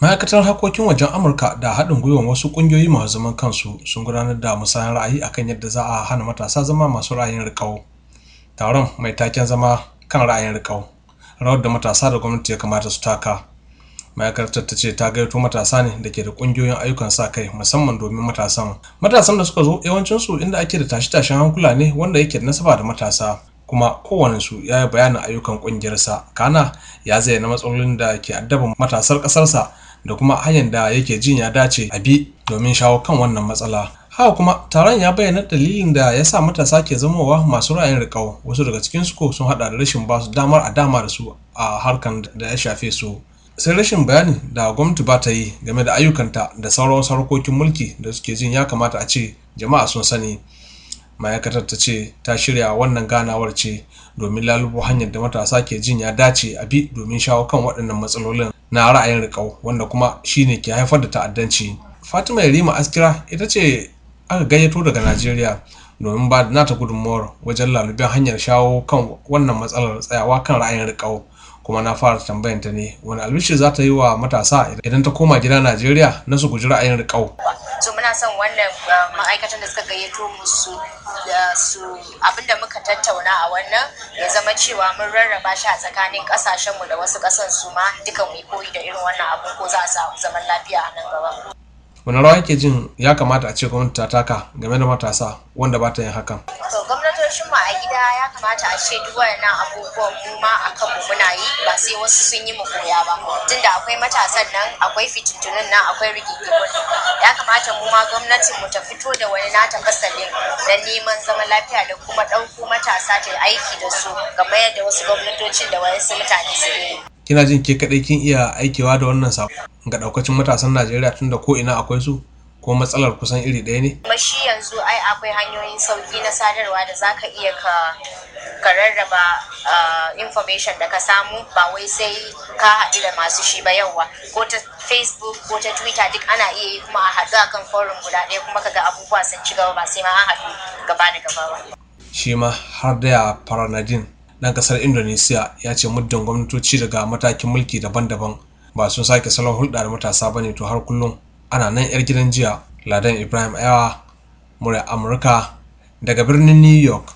ma'aikatar harkokin wajen amurka da haɗin gwiwar wasu ƙungiyoyi masu zaman kansu sun gudanar da musayar ra'ayi akan yadda za a hana matasa zama masu ra'ayin rikau taron mai taken zama kan ra'ayin rikau rawar da matasa da gwamnati ya kamata su taka ma'aikatar ta ce ta gayyato matasa ne da ke da ƙungiyoyin ayyukan sa kai musamman domin matasan matasan da suka zo yawancinsu inda ake da tashe-tashen hankula ne wanda yake da nasaba da matasa kuma kowane su ya yi bayanin ayyukan ƙungiyarsa kana ya zayyana matsalolin da ke addaban matasar ƙasarsa da kuma hanyar da yake jin ya dace a bi domin shawo kan wannan matsala haka kuma taron ya bayyana dalilin da ya sa matasa ke zamowa masu ra'ayin riƙau wasu daga cikin su sun haɗa da rashin basu damar a dama da su a harkan da ya shafe su sai rashin bayani da gwamnati ba ta yi game da ayyukanta da sauran wasu harkokin mulki da suke jin ya kamata a ce jama'a sun sani ma'aikatar ta ce ta shirya wannan ganawar ce domin lalubo hanyar da matasa ke jin ya dace a bi domin shawo kan waɗannan matsalolin na ra'ayin riƙau wanda kuma shi ne ke haifar da ta'addanci fatima yarima askira ita ce aka gayyato daga najeriya domin ba da nata gudunmuwar wajen lalubin hanyar shawo kan wannan matsalar tsayawa kan ra'ayin riƙau kuma na fara tambayan ne wani albishir za ta yi wa matasa idan ta koma gida najeriya na su guji ra'ayin riƙau son wannan eh, ma'aikatan da suka gayyato mu su su abinda muka tattauna a wannan ya zama cewa mun rarraba shi a tsakanin kasashenmu da wasu kasan su ma duka mu koyi da irin wannan abun ko za a samu zaman lafiya a nan gaba wani rawa yake jin ya kamata a ce gwamnati ta taka game da matasa wanda ba ta yin hakan mu a gida ya kamata a ce duk wannan abubuwan mu ma a kanmu muna yi ba sai wasu sun yi mu koya ba tunda akwai matasan nan akwai fitintunan nan akwai rigingimun ya kamata mu ma gwamnatin mu ta fito da wani nata fasalin na neman zaman lafiya da kuma ɗauko matasa ta aiki da su kamar yadda wasu gwamnatocin da wasu mutane su yi. kina jin ke kaɗai kin iya aikewa da wannan sako ga ɗaukacin matasan najeriya tunda ko ina akwai su ko matsalar kusan iri ɗaya ne? Kuma shi yanzu ai akwai hanyoyin sauki na sadarwa da za ka iya ka rarraba ah, information da ka samu ba wai sai ka haɗu da masu shi ba yauwa ko ta facebook ko ta twitter duk ana iya yi kuma a haɗu akan forum guda ɗaya kuma kaga abubuwa sun ci gaba ba sai ma an haɗu gaba da gaba ba. shi ma har da ya paranadin ɗan ƙasar indonesia ya ce muddin gwamnatoci daga matakin mulki daban-daban ba sun sake salon hulɗa da matasa ba ne to har kullum ana nan 'yar gidan jiya Ladan Ibrahim Aiwa, murya Amurka daga birnin New York.